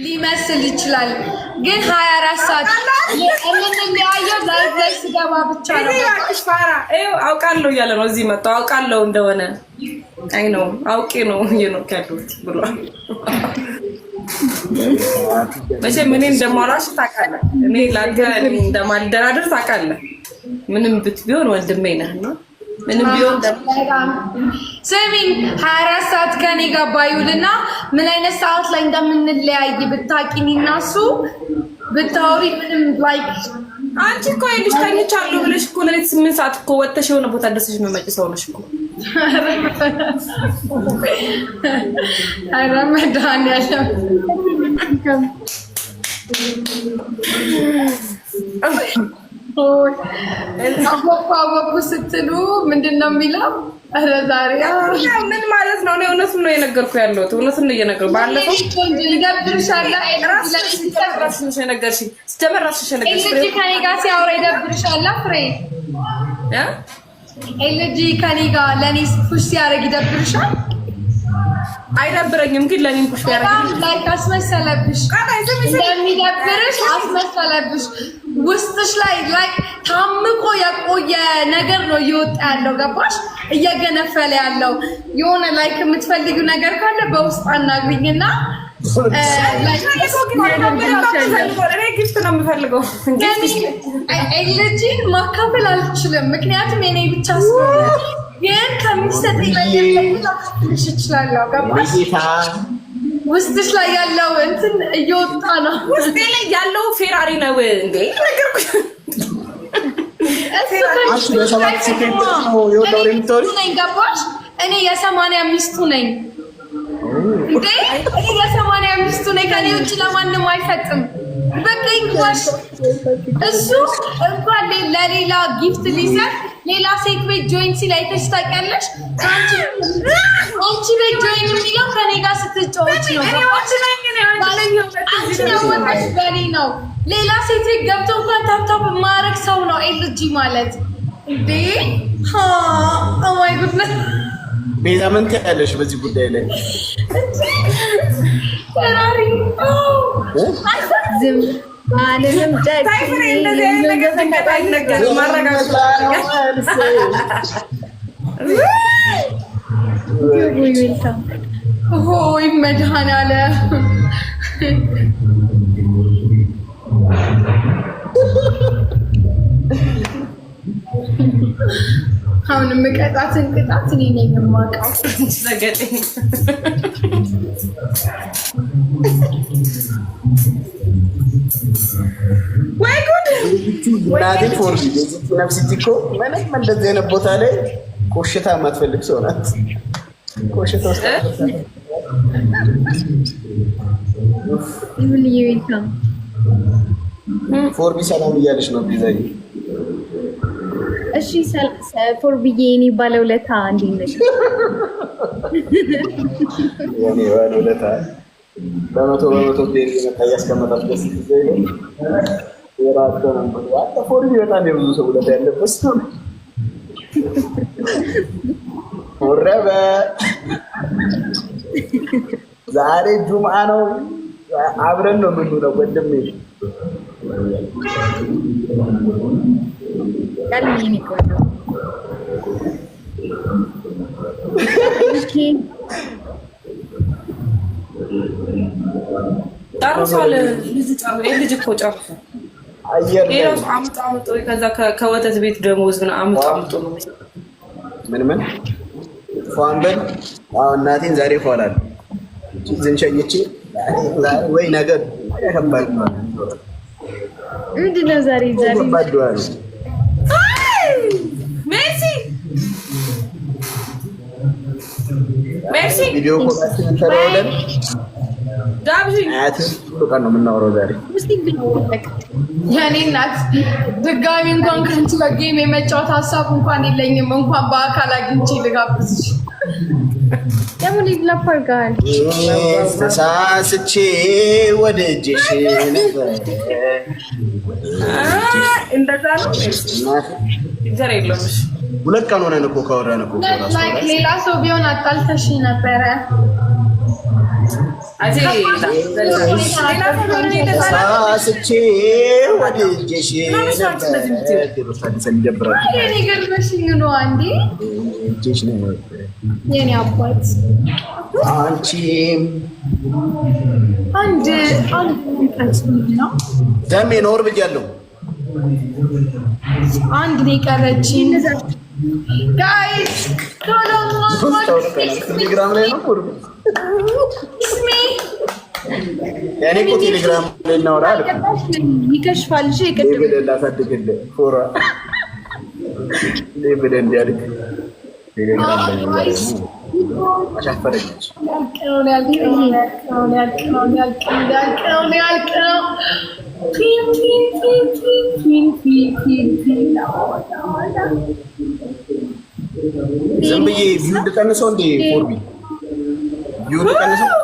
ሊመስል ይችላል፣ ግን ሀያ አራት ሰዓት የምንለያየው ላይፍ ሲገባ ብቻ ነው። አውቃለሁ እያለ ነው እዚህ መጣሁ አውቃለሁ እንደሆነ አይ ነው አውቄ ነው እየኖርክ ያለሁት ብሏል። መቼ ምን እንደማውራሽ ታውቃለህ፣ እኔ ላንተ እንደማልደራደር ታውቃለህ። ምንም ብት ቢሆን ወንድሜ ነው ምንም ቢሆን ስሚኝ፣ ሀያ አራት ሰዓት ከኔ ጋር ባይውልና ምን አይነት ሰዓት ላይ እንደምንለያይ ብታቂኒ እና እሱ ብታወሪ ምንም ላይክ አንቺ እኮ ይኸውልሽ ተኝቻለሁ ብለሽ እኮ ለሌት ስምንት ሰዓት እኮ ወጥተሽ የሆነ ቦታ ደርሰሽ መመጭ ሰው ነሽ እኮ። ኧረ መድኃኒዓለም አወኩ አወኩ ስትሉ ምንድን ነው የሚለው? ኧረ ዛሬ ምን ማለት ነው? እኔ እውነቱን ነው የነገርኩ ያለሁት እውነቱን ነው እየነገርኩ ባለፈው እራስሽ የነገርሽኝ ስትጀምር እራስሽ የነገርሽኝ ጋር ሲያወራ ይደብርሻል። ፍሬ ኤልጂ ከእኔ ጋር ለእኔ ፑሽ ሲያደርግ ይደብርሻል። አይደብረኝም ግን ለኔም ቁሽ ያረጋል። ላይክ አስመሰለብሽ እንደሚደብርሽ አስመሰለብሽ። ውስጥሽ ላይ ላይክ ታምቆ የቆየ ነገር ነው እየወጣ ያለው ገባሽ? እየገነፈለ ያለው የሆነ ላይክ የምትፈልጊው ነገር ካለ በውስጥ አናግሪኝና ጊፍት ነው የምፈልገው። ልጅን ማካፈል አልችልም፣ ምክንያቱም የኔ ብቻ ስለሆነ ግን ከሚሰጠኝ ነገር ላይ ላክፍልሽ እችላለሁ። ገባሽ? ውስጥሽ ላይ ያለው እንትን እየወጣ ነው። ውስጤ ላይ ያለው ፌራሪ ነው እንዴ ነገርኩሽ። እኔ የሰማንያ አምስቱ ነኝ እንዴ እኔ የሰማንያ አምስቱ ነኝ። ከኔ ውጭ ለማንም አይፈጥም። በቃ ይንኳሽ። እሱ እንኳን ለሌላ ጊፍት ሊሰጥ ሌላ ሴት ቤት ጆይን ሲል አይተሽ ታውቂያለሽ? አንቺ ቤት ጆይን የሚለው ከኔ ጋር ስትጫወች ነው። በኔ ነው። ሌላ ሴት ቤት ገብቶ እንኳን ታፕታፕ ማረግ ሰው ነው ኤልጂ ማለት እንዴ! ማይ ጉድነስ oh ቤዛ ምን ትያለሽ በዚህ ጉዳይ ላይ? ባልንም ሆይ መድኃኒዓለም አሁን የምቀጣትን ቅጣት እኔ ነኝ የማውቀው። ወይ ጉድ! ነፍሲት እኮ ምንም እንደዚህ አይነት ቦታ ላይ ቆሽታ የማትፈልግ ሰው ናት። ቆሽታ ውስጥ ፎርቢ ሰላም እያለች ነው ቢዛዬ እሺ ሰፎር ብዬ እኔ ባለውለታ እንዴት ባለውለታ በመቶ በመቶ እያስቀመጣችሁ ደስ በጣም የብዙ ሰው ውለታ ያለበት ነው። ወረበ ዛሬ ጁምአ ነው። አብረን ነው የምንውለው ወንድሜ ጨርሷል። ልጅ እኮ ጨርሷል። ሌላው አምጦ አምጦ ከዛ ከወተት ቤት ደመወዝ ምናምን አምጦ አምጦ ነው። ምን ምን ፏንበል እናቴን ዛሬ ፏላል ዝንሸኝቼ ወይ ነገር ምንድን ነው ዛሬ ዛሬ ሜርሲ ሜርሲ ድጋሚ እንኳን ከአንቺ ጋር ጌም የመጫወት ሀሳብ እንኳን የለኝም። እንኳን በአካል አግኝቼ ልጋብዝሽ ለምን ይለፈርጋል? ተሳስቼ ወደ እጅሽ ነበር። እንደዛ ነው። ሁለት ቀን ሆነን እኮ ካወራን እኮ ሌላ ሰው ቢሆን አጣልተሽ ነበረ። ተሳስቼ ወደ እጅሽ ልጆች ነው የኔ አባት አንቺም አንድ ደሜ ኖር ብያለሁ። አንድ ነው የቀረች። ጋይስ ቴሌግራም ላይ ነው እኔ እኮ ቴሌግራም ላይ እናውራ ይከሽፋል። ሌብል ላሳድግልህ ፎራ ሌብል እንዲያድግ ዝም ብዬ ቪው ልቀንሰው እንዴ? ፎርቢ ቪው ልቀንሰው